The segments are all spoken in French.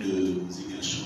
de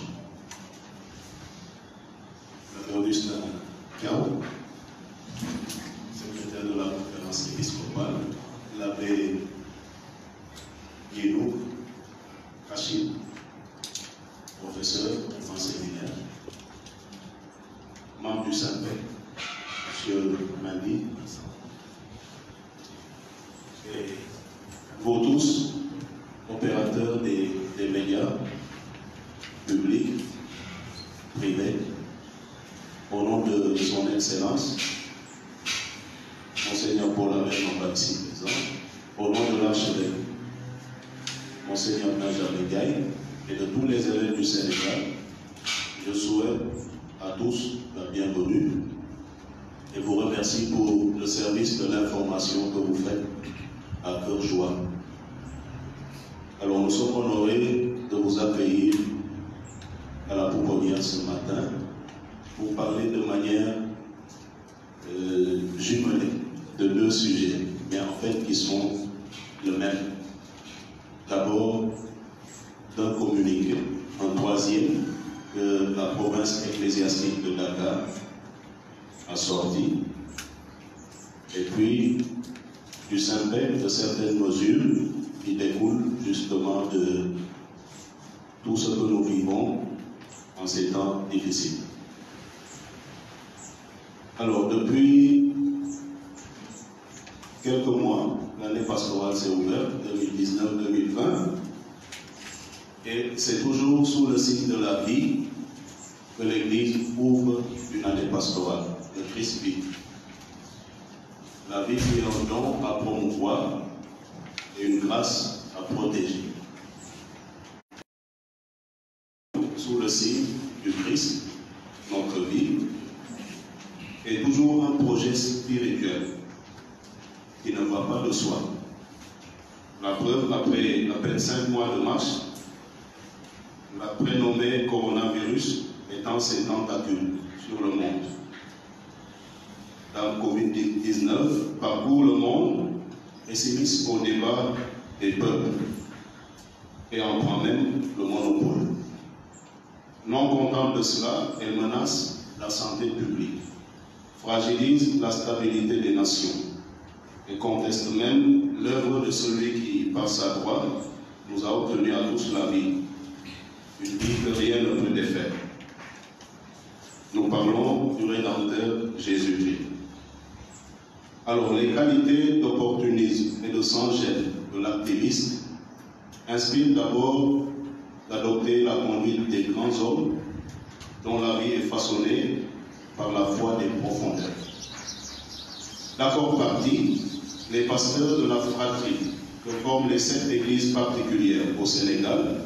à a et puis du symbole de certaines mesures qui découlent justement de tout ce que nous vivons en ces temps difficiles. Alors, depuis quelques mois, l'année pastorale s'est ouverte, 2019-2020, et c'est toujours sous le signe de la vie que l'Église ouvre une année pastorale, le Christ vit. La vie est un don à promouvoir et une grâce à protéger. Sous le signe du Christ, notre vie est toujours un projet spirituel qui ne va pas de soi. La preuve, après à peine cinq mois de marche, la prénommée coronavirus étant ses tentacules sur le monde. la Covid-19 parcourt le monde et s'immisce au débat des peuples et en prend même le monopole. Non contente de cela, elle menace la santé publique, fragilise la stabilité des nations et conteste même l'œuvre de celui qui, par sa droite, nous a obtenu à tous la vie, une vie que rien ne peut défaire. Nous parlons du Rédempteur Jésus-Christ. Alors, les qualités d'opportunisme et de sang gêne de l'activiste inspirent d'abord d'adopter la conduite des grands hommes dont la vie est façonnée par la foi des profondeurs. D'accord parti, les pasteurs de la fratrie que forment les sept églises particulières au Sénégal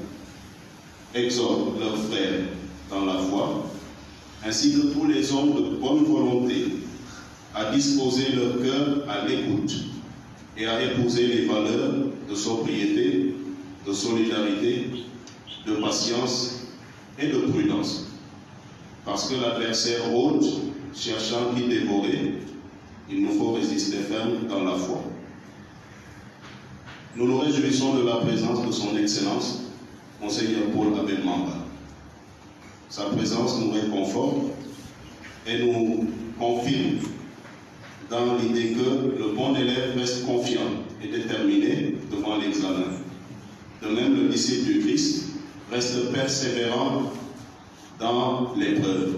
exhortent leurs frères dans la foi ainsi que tous les hommes de bonne volonté, à disposer leur cœur à l'écoute et à épouser les valeurs de sobriété, de solidarité, de patience et de prudence. Parce que l'adversaire hôte, cherchant qui dévorer, il nous faut résister ferme dans la foi. Nous nous réjouissons de la présence de son Excellence, Monseigneur Paul Abel Mamba. Sa présence nous réconforte et nous confirme dans l'idée que le bon élève reste confiant et déterminé devant l'examen. De même, le disciple du Christ reste persévérant dans l'épreuve.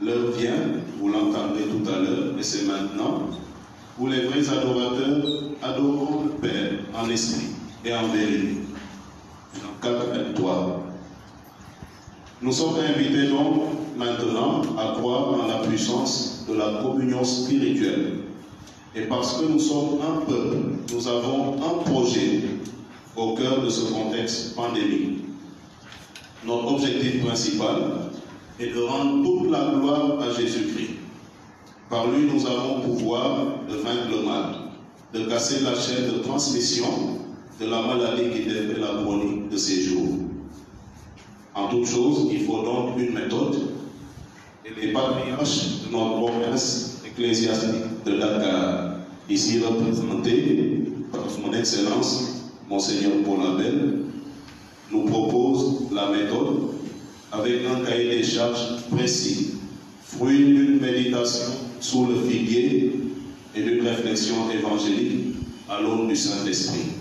L'heure vient, vous l'entendrez tout à l'heure, mais c'est maintenant, où les vrais adorateurs adorent le Père en esprit et en vérité. quatre victoires. Nous sommes invités donc maintenant à croire en la puissance de la communion spirituelle. Et parce que nous sommes un peuple, nous avons un projet au cœur de ce contexte pandémique. Notre objectif principal est de rendre toute la gloire à Jésus-Christ. Par lui, nous avons pouvoir de vaincre le mal, de casser la chaîne de transmission de la maladie qui était la chronique de ces jours. En toute chose, il faut donc une méthode. Et les patriarches de notre province ecclésiastique de Dakar, ici représentés par son Excellence, Monseigneur Bonabel, nous propose la méthode avec un cahier des charges précis, fruit d'une méditation sous le figuier et d'une réflexion évangélique à l'aune du Saint-Esprit.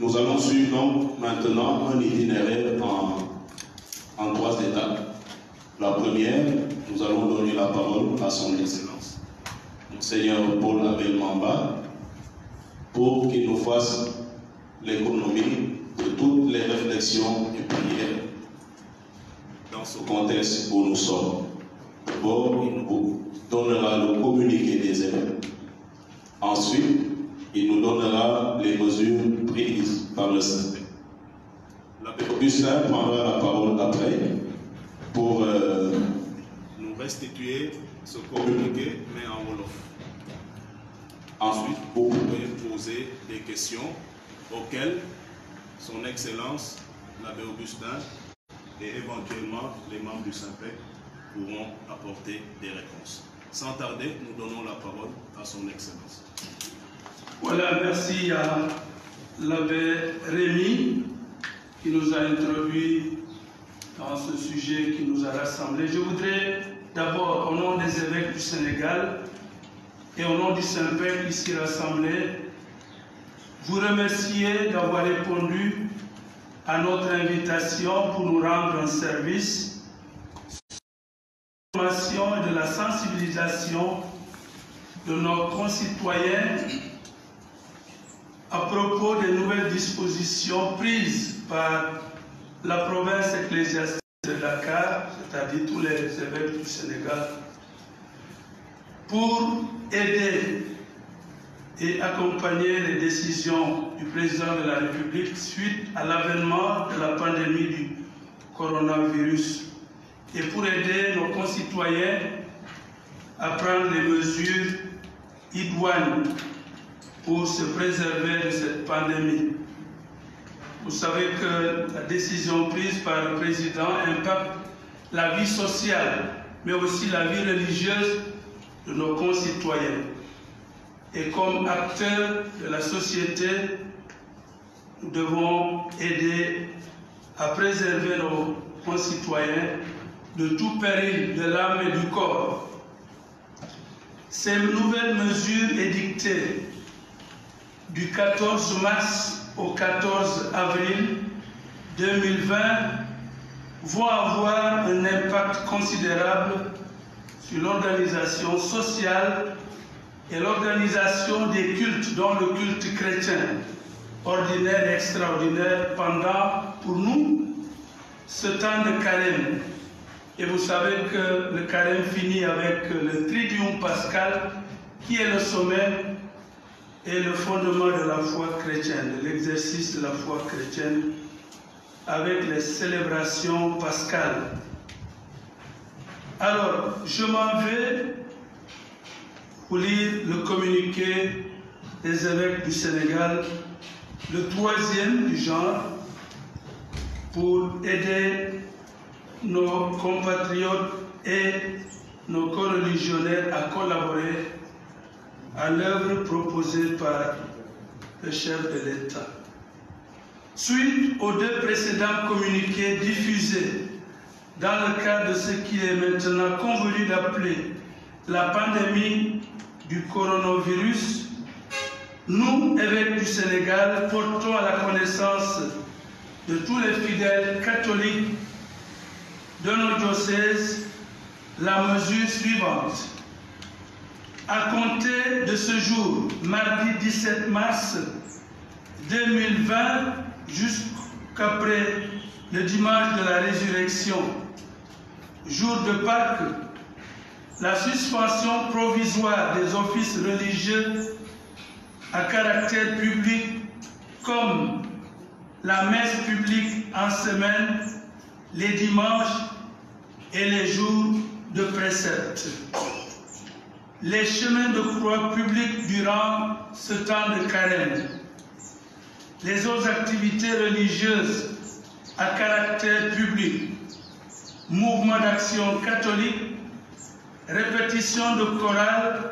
Nous allons suivre maintenant un itinéraire en, trois étapes. La première, nous allons donner la parole à son Excellence, Monseigneur Paul Abel Mamba, pour qu'il nous fasse l'économie de toutes les réflexions et prières dans ce contexte où nous sommes. D'abord, il nous donnera le communiqué des élèves. Ensuite, il nous donnera les mesures prises par le Saint. L'abbé Augustin prendra la parole après pour euh, nous restituer ce communiqué, mais en Wolof. Ensuite, vous pouvez poser des questions auxquelles son Excellence, l'abbé Augustin, et éventuellement les membres du saint pourront apporter des réponses. Sans tarder, nous donnons la parole à son Excellence. Voilà, merci à l'abbé Rémi qui nous a introduit dans ce sujet qui nous a rassemblés. Je voudrais d'abord, au nom des évêques du Sénégal et au nom du Saint-Père qui s'y rassemblait, vous remercier d'avoir répondu à notre invitation pour nous rendre un service de la formation et de la sensibilisation de nos concitoyens à propos des nouvelles dispositions prises par la province ecclésiastique de Dakar, c'est-à-dire tous les évêques du Sénégal, pour aider et accompagner les décisions du président de la République suite à l'avènement de la pandémie du coronavirus et pour aider nos concitoyens à prendre les mesures idoines pour se préserver de cette pandémie. Vous savez que la décision prise par le président impacte la vie sociale, mais aussi la vie religieuse de nos concitoyens. Et comme acteurs de la société, nous devons aider à préserver nos concitoyens de tout péril de l'âme et du corps. Ces nouvelles mesures édictées du 14 mars au 14 avril 2020 vont avoir un impact considérable sur l'organisation sociale et l'organisation des cultes, dont le culte chrétien, ordinaire et extraordinaire, pendant, pour nous, ce temps de carême. Et vous savez que le carême finit avec le Triduum pascal, qui est le sommet et le fondement de la foi chrétienne, de l'exercice de la foi chrétienne avec les célébrations pascales. Alors, je m'en vais pour lire le communiqué des évêques du Sénégal, le troisième du genre, pour aider nos compatriotes et nos co-religionnaires à collaborer à l'œuvre proposée par le chef de l'État. Suite aux deux précédents communiqués diffusés dans le cadre de ce qui est maintenant convenu d'appeler la pandémie du coronavirus, nous, évêques du Sénégal, portons à la connaissance de tous les fidèles catholiques de notre diocèse la mesure suivante à compter de ce jour, mardi 17 mars 2020, jusqu'après le dimanche de la résurrection, jour de Pâques, la suspension provisoire des offices religieux à caractère public comme la messe publique en semaine, les dimanches et les jours de précepte les chemins de croix publics durant ce temps de carême. Les autres activités religieuses à caractère public, mouvements d'action catholique, répétition de chorale,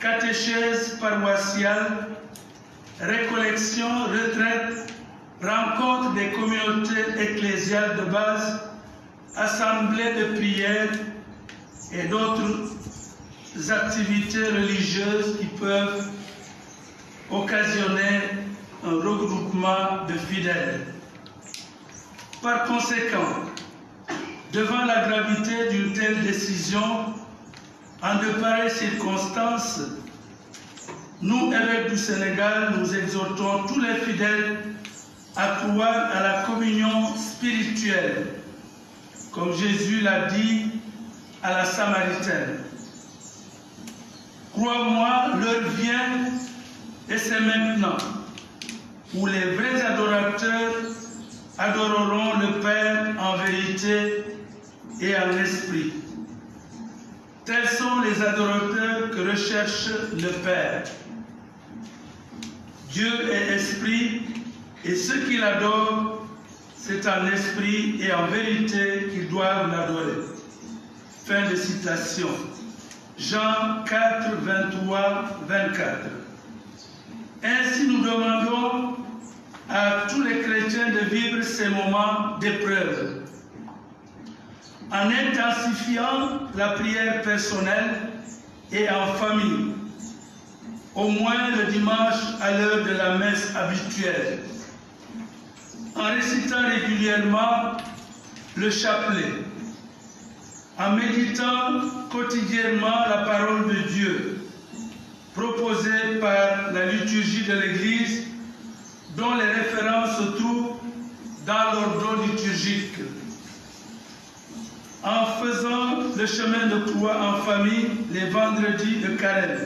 catéchèse paroissiale, récollections, retraite, rencontre des communautés ecclésiales de base, assemblées de prières et d'autres activités religieuses qui peuvent occasionner un regroupement de fidèles. Par conséquent, devant la gravité d'une telle décision, en de pareilles circonstances, nous, évêques du Sénégal, nous exhortons tous les fidèles à croire à la communion spirituelle, comme Jésus l'a dit à la Samaritaine. Crois-moi, l'heure vient, et c'est maintenant, où les vrais adorateurs adoreront le Père en vérité et en esprit. Tels sont les adorateurs que recherche le Père. Dieu est esprit, et ceux qui l'adorent, c'est en esprit et en vérité qu'ils doivent l'adorer. Fin de citation. Jean 4, 23, 24. Ainsi, nous demandons à tous les chrétiens de vivre ces moments d'épreuve en intensifiant la prière personnelle et en famille, au moins le dimanche à l'heure de la messe habituelle, en récitant régulièrement le chapelet en méditant quotidiennement la parole de Dieu proposée par la liturgie de l'Église dont les références se trouvent dans l'ordre liturgique. En faisant le chemin de croix en famille les vendredis de carême,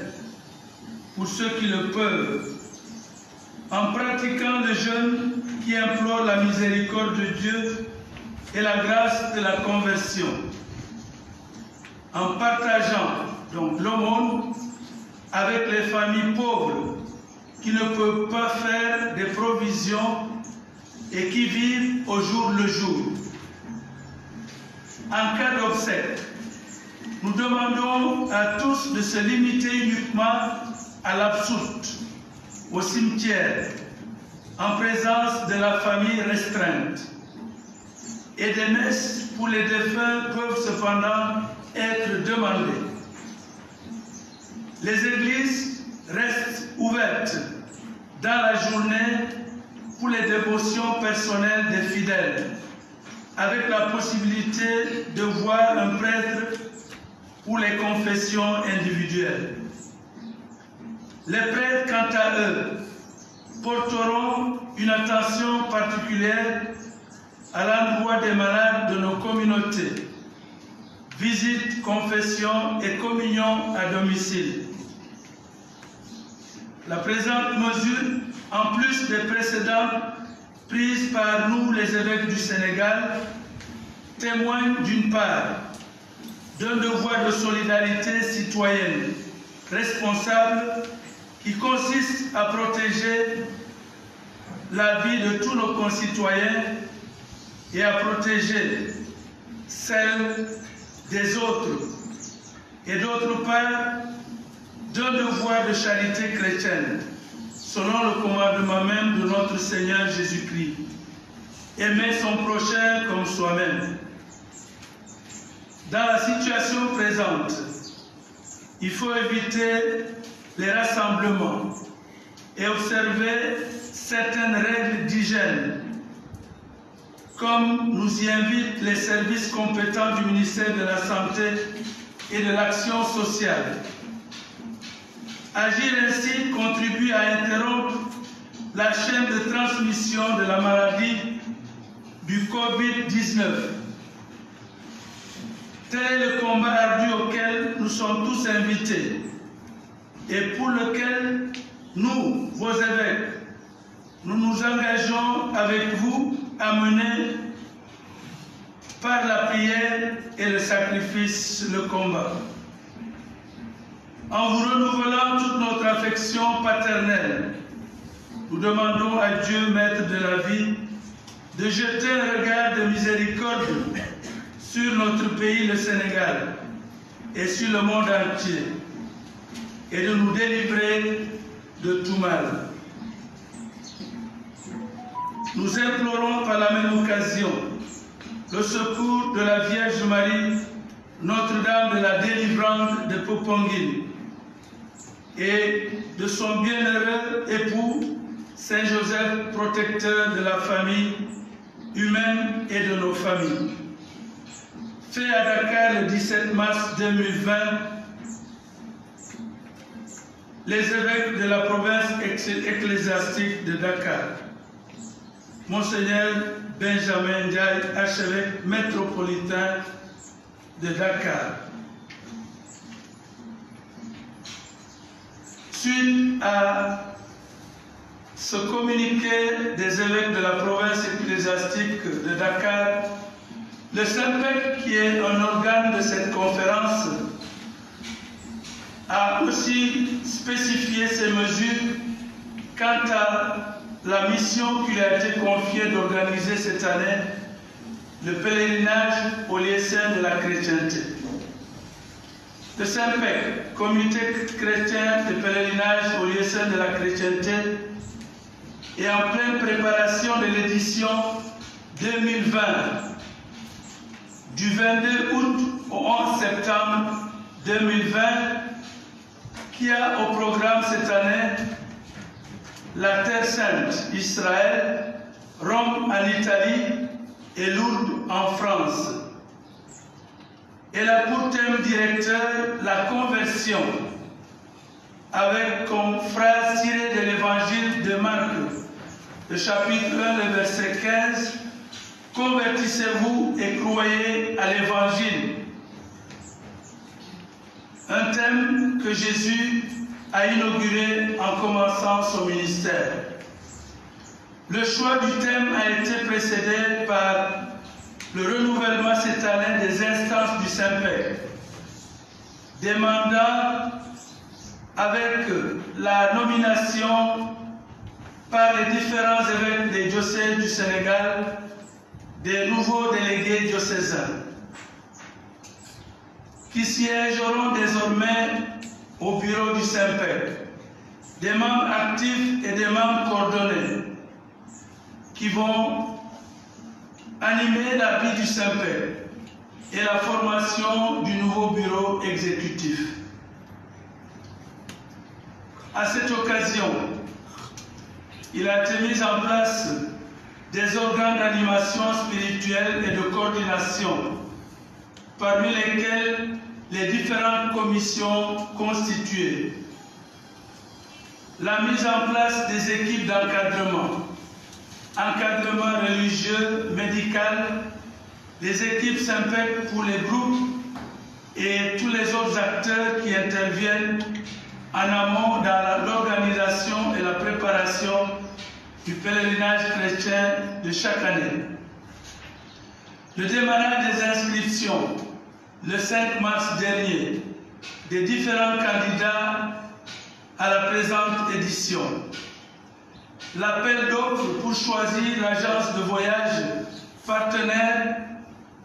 pour ceux qui le peuvent, en pratiquant le jeûne qui implore la miséricorde de Dieu et la grâce de la conversion en partageant donc l'aumône avec les familles pauvres qui ne peuvent pas faire des provisions et qui vivent au jour le jour. En cas d'obsèque, nous demandons à tous de se limiter uniquement à l'absoute, au cimetière, en présence de la famille restreinte. Et des messes pour les défunts peuvent cependant être demandé. Les églises restent ouvertes dans la journée pour les dévotions personnelles des fidèles, avec la possibilité de voir un prêtre pour les confessions individuelles. Les prêtres, quant à eux, porteront une attention particulière à l'endroit des malades de nos communautés visite, confession et communion à domicile. La présente mesure, en plus des précédentes prises par nous les évêques du Sénégal, témoigne d'une part d'un devoir de solidarité citoyenne responsable qui consiste à protéger la vie de tous nos concitoyens et à protéger celle des autres et d'autre part d'un devoir de charité chrétienne selon le commandement même de notre Seigneur Jésus-Christ. Aimer son prochain comme soi-même. Dans la situation présente, il faut éviter les rassemblements et observer certaines règles d'hygiène comme nous y invitent les services compétents du ministère de la Santé et de l'Action sociale. Agir ainsi contribue à interrompre la chaîne de transmission de la maladie du Covid-19. Tel est le combat ardu auquel nous sommes tous invités et pour lequel nous, vos évêques, nous nous engageons avec vous amené par la prière et le sacrifice le combat. En vous renouvelant toute notre affection paternelle, nous demandons à Dieu, Maître de la vie, de jeter un regard de miséricorde sur notre pays, le Sénégal, et sur le monde entier, et de nous délivrer de tout mal nous implorons par la même occasion le secours de la Vierge Marie, Notre-Dame de la délivrance de Popongine et de son bienheureux époux, Saint Joseph, protecteur de la famille humaine et de nos familles. Fait à Dakar le 17 mars 2020, les évêques de la province ecclésiastique de Dakar Monseigneur Benjamin Ndiaye, archevêque métropolitain de Dakar. Suite à ce communiqué des évêques de la province ecclésiastique de Dakar, le saint qui est un organe de cette conférence, a aussi spécifié ses mesures quant à la mission qu'il a été confiée d'organiser cette année, le pèlerinage au lieu de la chrétienté. Le Saint-Pec, Comité chrétien de pèlerinage au lieu de la chrétienté, est en pleine préparation de l'édition 2020 du 22 août au 11 septembre 2020 qui a au programme cette année la Terre Sainte, Israël, Rome en Italie et Lourdes en France. Elle a pour thème directeur la conversion, avec comme phrase tirée de l'évangile de Marc, le chapitre 1, le verset 15, Convertissez-vous et croyez à l'évangile. Un thème que Jésus a inauguré en commençant son ministère. Le choix du thème a été précédé par le renouvellement cette année des instances du Saint-Père, demandant avec la nomination par les différents évêques des diocèses du Sénégal des nouveaux délégués diocésains qui siégeront désormais au bureau du Saint-Père, des membres actifs et des membres coordonnés qui vont animer la vie du Saint-Père et la formation du nouveau bureau exécutif. À cette occasion, il a été mis en place des organes d'animation spirituelle et de coordination, parmi lesquels les différentes commissions constituées, la mise en place des équipes d'encadrement, encadrement religieux, médical, les équipes SIMPEC pour les groupes et tous les autres acteurs qui interviennent en amont dans l'organisation et la préparation du pèlerinage chrétien de chaque année. Le démarrage des inscriptions, le 5 mars dernier des différents candidats à la présente édition. L'appel d'offres pour choisir l'agence de voyage partenaire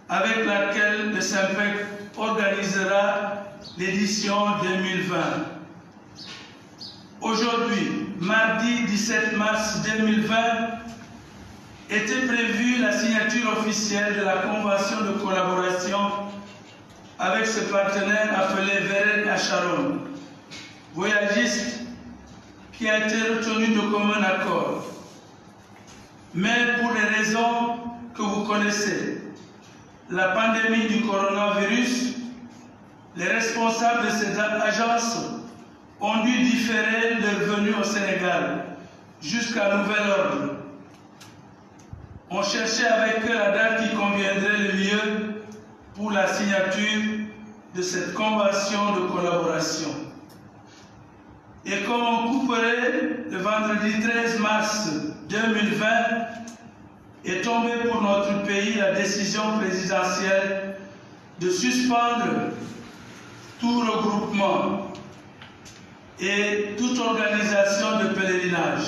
avec laquelle le SIMPEC organisera l'édition 2020. Aujourd'hui, mardi 17 mars 2020, était prévue la signature officielle de la convention de collaboration avec ses partenaires appelés Veren Acharon, voyagiste qui a été retenu de commun accord. Mais pour les raisons que vous connaissez, la pandémie du coronavirus, les responsables de cette agence ont dû différer leur venue au Sénégal jusqu'à nouvel ordre. On cherchait avec eux la date qui conviendrait le mieux pour la signature de cette convention de collaboration. Et comme on couperait le vendredi 13 mars 2020, est tombée pour notre pays la décision présidentielle de suspendre tout regroupement et toute organisation de pèlerinage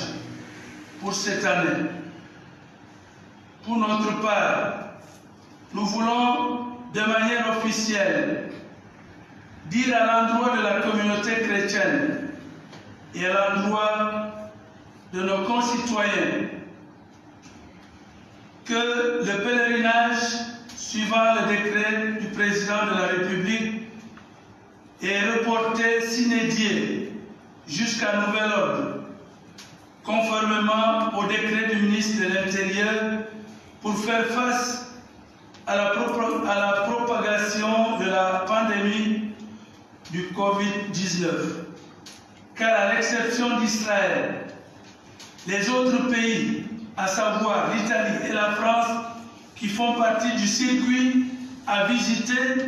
pour cette année. Pour notre part, nous voulons de manière officielle dire à l'endroit de la communauté chrétienne et à l'endroit de nos concitoyens que le pèlerinage suivant le décret du président de la République est reporté s'inédié jusqu'à nouvel ordre, conformément au décret du ministre de l'Intérieur pour faire face à la, propagation de la pandémie du Covid-19. Car à l'exception d'Israël, les autres pays, à savoir l'Italie et la France, qui font partie du circuit à visiter,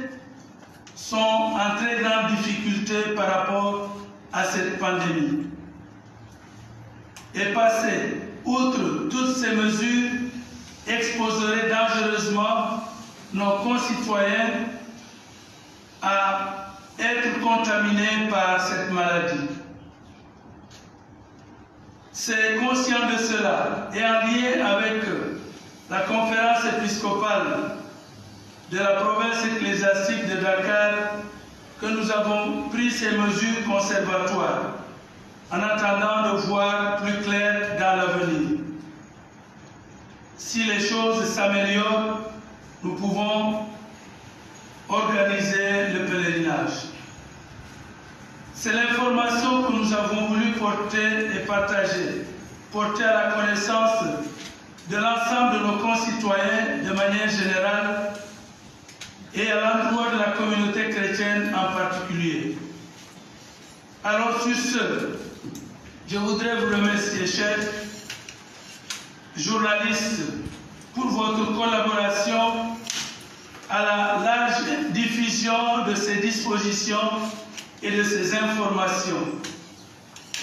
sont en très grande difficulté par rapport à cette pandémie. Et passer outre toutes ces mesures exposerait dangereusement nos concitoyens à être contaminés par cette maladie. C'est conscient de cela et en lien avec la conférence épiscopale de la province ecclésiastique de Dakar que nous avons pris ces mesures conservatoires en attendant de voir plus clair dans l'avenir. Si les choses s'améliorent, nous pouvons organiser le pèlerinage. C'est l'information que nous avons voulu porter et partager, porter à la connaissance de l'ensemble de nos concitoyens de manière générale et à l'endroit de la communauté chrétienne en particulier. Alors sur ce, je voudrais vous remercier, chers journalistes, pour votre collaboration à la large diffusion de ces dispositions et de ces informations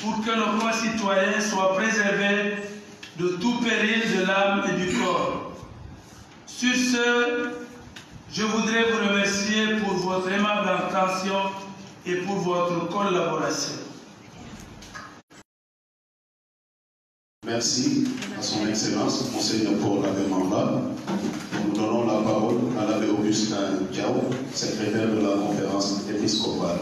pour que nos citoyens soient préservés de tout péril de l'âme et du corps. Sur ce, je voudrais vous remercier pour votre aimable attention et pour votre collaboration. Merci à son Excellence, Monseigneur Paul la Mamba. Nous donnons la parole à l'abbé Augustin Diao, secrétaire de la conférence épiscopale.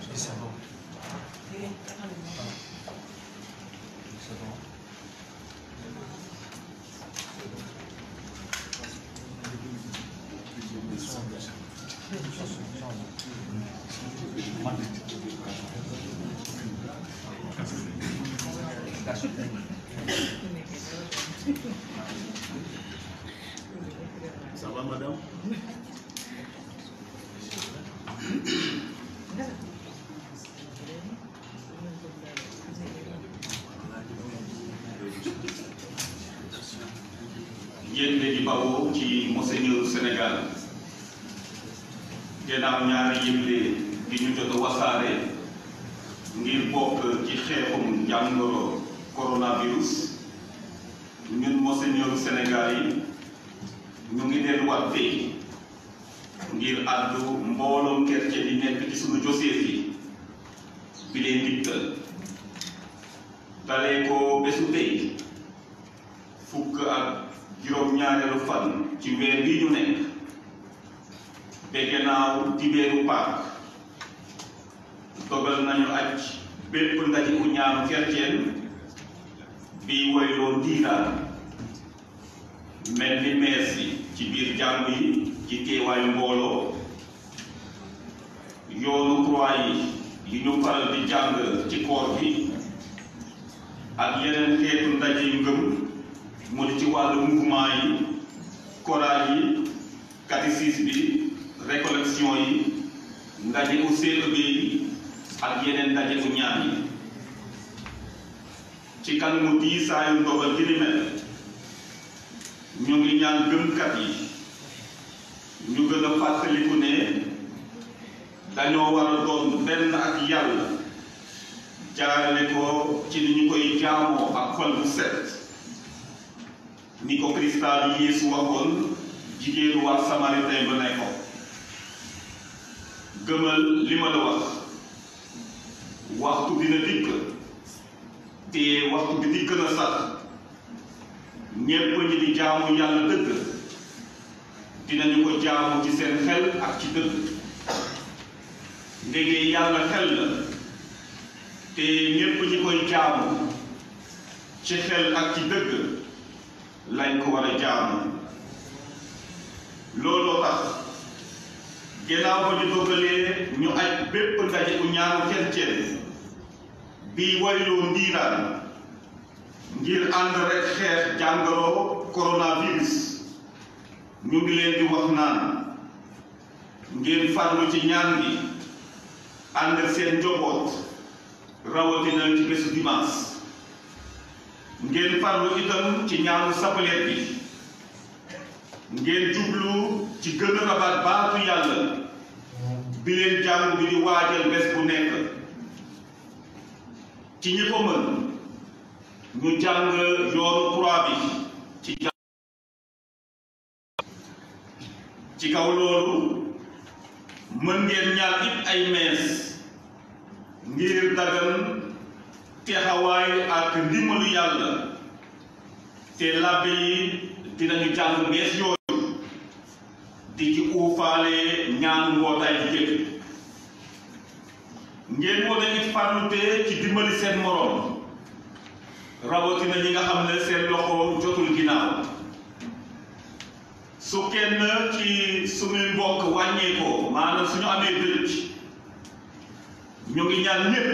谁先动？谁动？算了，算了，确实算了。嗯，慢点。ginnaaw ñaari yëgle yi ñu jot a wasaare lullati ko ñaam kercen bi woyloo diinaa mel ni mees yi ci biir jàmm yi ci teewaayu mbooloo yoonu croix yi yi ñu faral di jàng ci koor bi ak yeneen xeetu ndaje ngëm mu di ci wàllu mouvement yi choral yi catéchisme bi récollection yi ndaje u CEB yi ak yeneen ndaje u ñaan yi ci kanamu diisaayu ndogal gi ni mel ñu ngi ñaan gëmkat yi ñu gën a fàttaliku ne dañoo war doon benn ak yàlla jaarale ko ci ni ñu koy jaamoo ak xol bu set ni ko cristal yi waxoon jigéenu samaritain ba ne ko gëmal li wax waxtu dina dikk te waxtu bi di gën a sax ñépp ñi di jaamu yàlla dëgg dinañu ko jaamu ci seen xel ak ci dëgg ndege yàlla xel la te ñépp ñi koy jaamu ci xel ak ci dëgg lañ ko war a jaamu looloo tax gannaaw ba ñu dogalee ñu aj bépp ndaje bu ñaaru kenn bii wayloo ndiiraan ngir ànd rek xeex jàngoro coronavirus ñu ngi leen di wax naan ngeen farlu ci ñaan gi ànd seen njoboot rawatina ci bésu dimanche ngeen farlu itam ci ñaanu sapaleet bi ngeen jublu ci gën a baatu yàlla bi leen jàng bi di waajal bés bu nekk ci ñi ko mën ñu jàng yoonu croix bi ci jàng ci kaw loolu mën ngeen ñaar it ay mees ngir dagan texawaay ak ndimalu yàlla te labbe yi dinañu jàng mees yooyu di ci uufaale ñaan mbootaay bi ngeen wane it farlute ci dimbali seen moroom rawatina ñi nga xam ne seen loxo jotul ginnaaw su kenn ci suñuy mbokk wàññeekoo maanaam suñu amee dërëj ñu ngi ñaan ñépp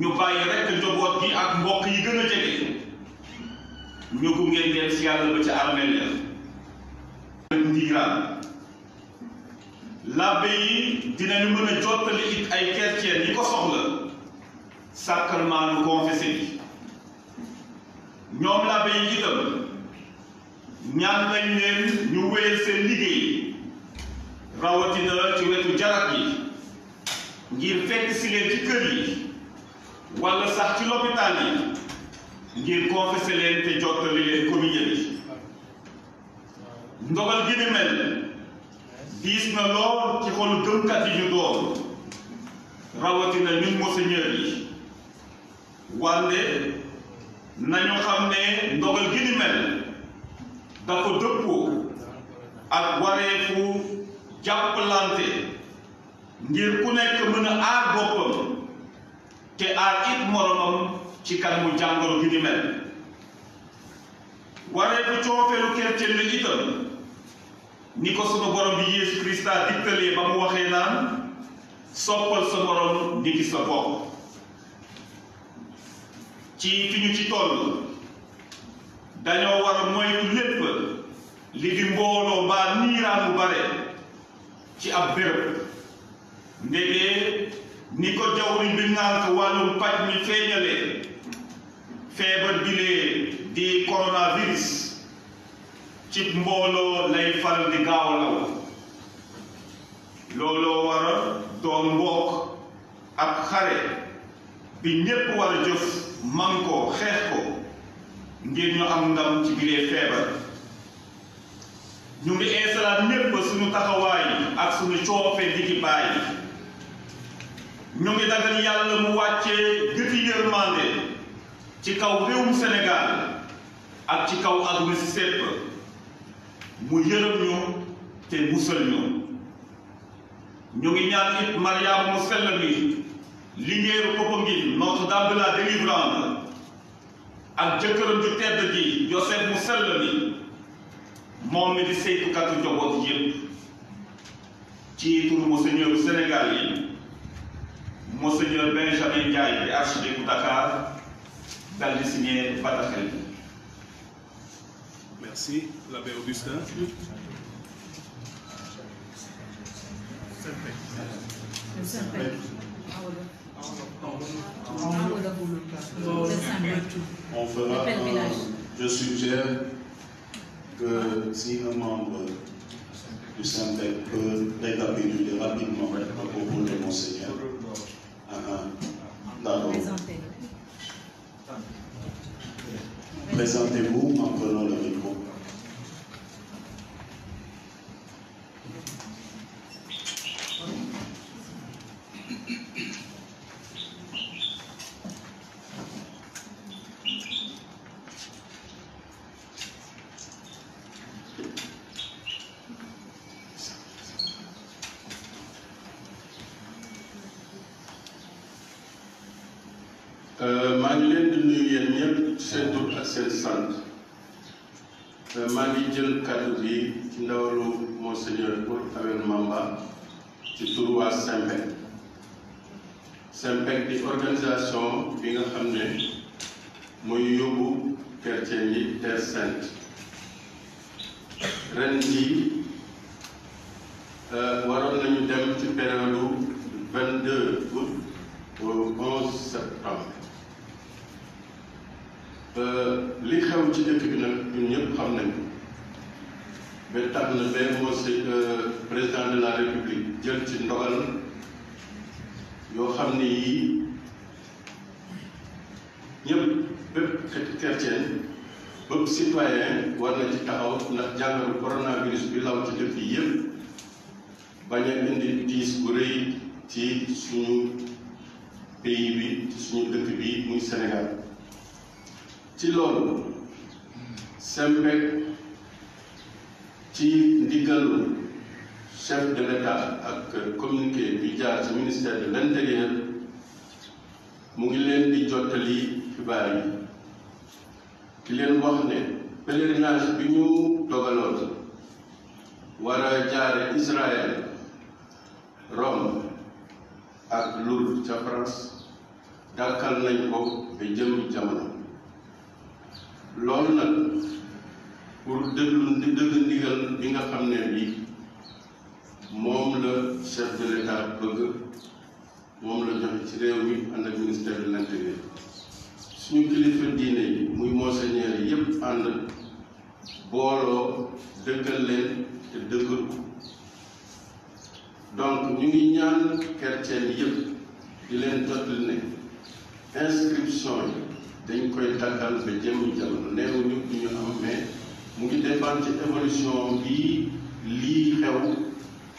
ñu bàyyi rekk njaboot gi ak mbokk yi gën a jege ñu gunge leen si yàlla ba ca armeel ndiiraan labbe yi dinañu mën a jottali it ay chrétien yi ko soxla sacrement nu confessé bi ñoom labbe yi itam ñaan nañ leen ñu wéyal seen liggéey rawatina ci wetu jarak yi ngir fekk si leen ci kër yi wala sax ci lopitaan yi ngir confessé leen te jottali leen communion bi ndogal gi mel diis na lool ci xolu gëmkat yi ñu doon rawatina ñun monseigneur yi wante nañu xam ne ndogal gi ni mel dëppoo ak wareefu jàppalante ngir ku nekk mën aar boppam te aar it moromam ci kanamu jàngoro gi ni wareefu coofeelu kercen li itam ni ko sunu borom bi Yeesu Krista digtalee ba mu waxee naan soppal sa borom ni sa bopp ci fi ñu ci toll dañoo war a moytu lépp li di mbooloo baa niiraan bare ci ab béréb ndege ni ko jawriñ bi nànk wàllum paj mi feeñalee feebar bi di coronavirus ci mbooloo lay faral di gaaw law looloo war doon mbokk ak xare bi ñépp war jëf man ko xeex ko ngir ñu am ndam ci biir feebar ñu ngi installaat ñépp suñu taxawaay ak suñu coofe di ci bàyyi ñu ngi dagal yàlla mu wàccee gëti yërmande ci kaw réewum Sénégal ak ci kaw àdduna si sépp mu yërëm ñu te musal ñu ñu ngi ñaan it Mariama mu sell mi liggéeyu boppam gi Notre Dame de la Délivrance ak jëkkëram ju tedd ji Joseph mu sell mi moom mi di saytukatu njaboot yépp ci turu monseigneur Sénégal yi monseigneur Benjamin Ndiaye di archevêque bu Dakar dal di signé bataaxal bi Merci. L'abbé Augustin. On fera un, je suggère que si un membre du saint père peut récapituler rapidement à propos de Monseigneur. D'accord. Présentez-vous en prenant le micro. SEMPEC di organisation bi nga xam ne mooy yóbbu chrétien yi Terre Sainte ren jii euh, waroon nañu dem ci période vingt deux août au onze septembre euh, li xew ci dëkk bi nag ñun ñëpp xam nañ ko ba tax na ba moo si euh, président de la république jël ci ndogal. yoo xam ne yii ñëpp bépp chrétien bépp citoyen war na ci taxaw ndax jàngaru coronavirus bi law ci dëkk yi yëpp bañ a indi tiis bu rëy ci suñu pays bi ci suñu dëkk bi muy Sénégal ci loolu sembek ci ndigalu chef de l'État ak communiqué bi jaar ci ministère de l'intérieur mu ngi leen di jottali xibaar yi ki leen wax ne pèlerinage bi ñu dogaloon war a jaare Israël Rome ak Lourdes ca France dàkkal nañ ko ba jëm jamono loolu nag pour déglu déglu ndigal bi nga xam ne bi mom la chef de l'État bëgg mom la joxe ci réew mi ànd ak ministère de l'intérieur suñu kilifa diine yi muy monseigneur yépp ànd booloo dëkkal leen te dëkkal donc ñu ngi ñaan chrétien yépp di leen jottali ne inscription yi dañ koy daggal ba jëm jamono neewu ñu ñu am mais mu ngi dépendre ci évolution bi lii xew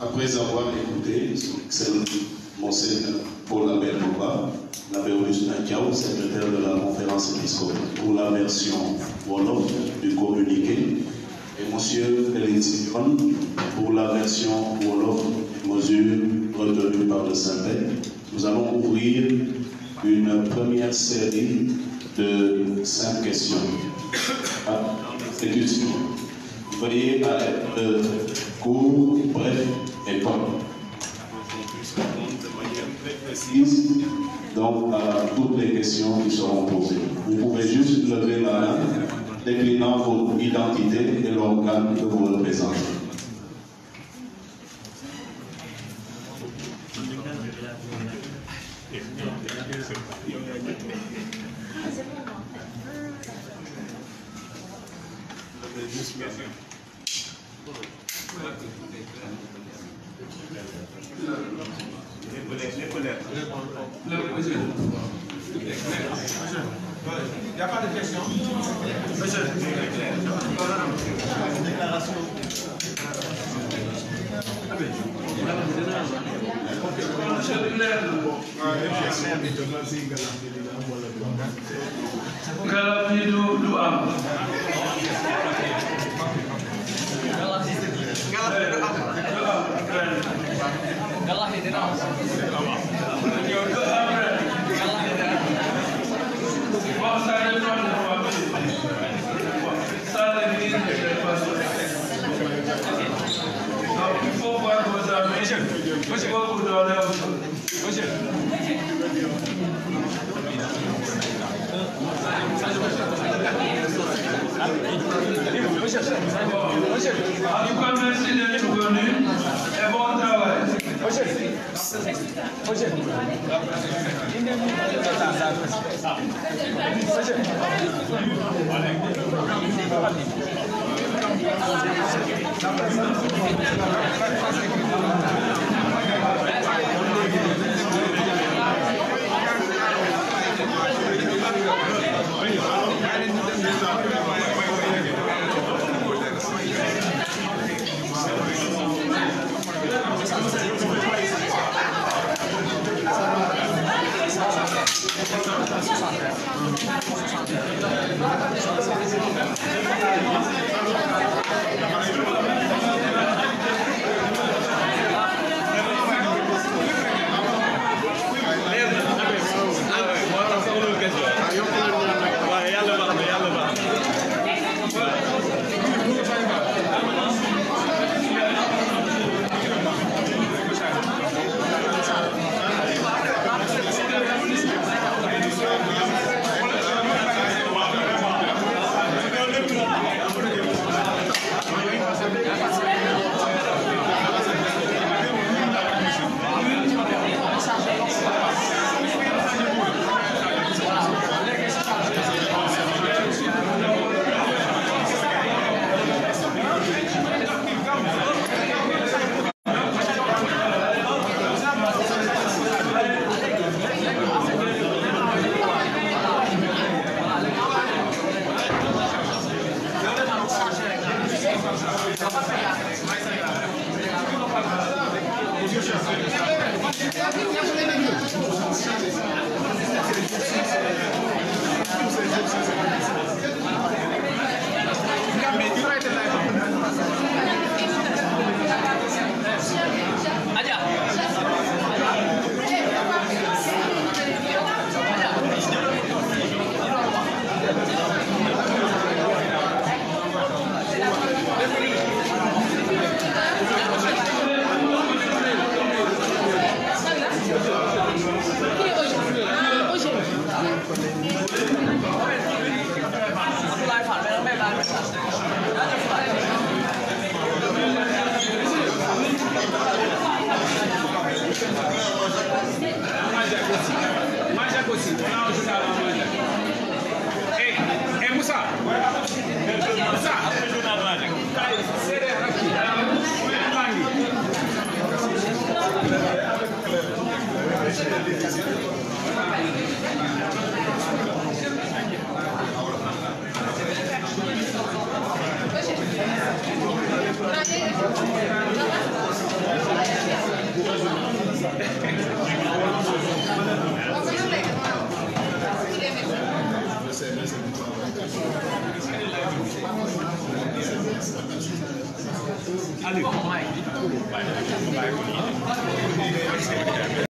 Après avoir écouté M. excellent Monseigneur Paul Lambert Boba, l'abbé Augustin Kiao, secrétaire de la conférence épiscopale, pour la version Wolof du communiqué, et M. Félix pour la version des mesures retenues par le Saint-Père, nous allons ouvrir une première série de cinq questions. Ah, Veuillez court, bref et pas. Donc, à euh, toutes les questions qui seront posées. Vous pouvez juste lever la main, déclinant votre identité et l'organe que vous représentez. 不是，打不是，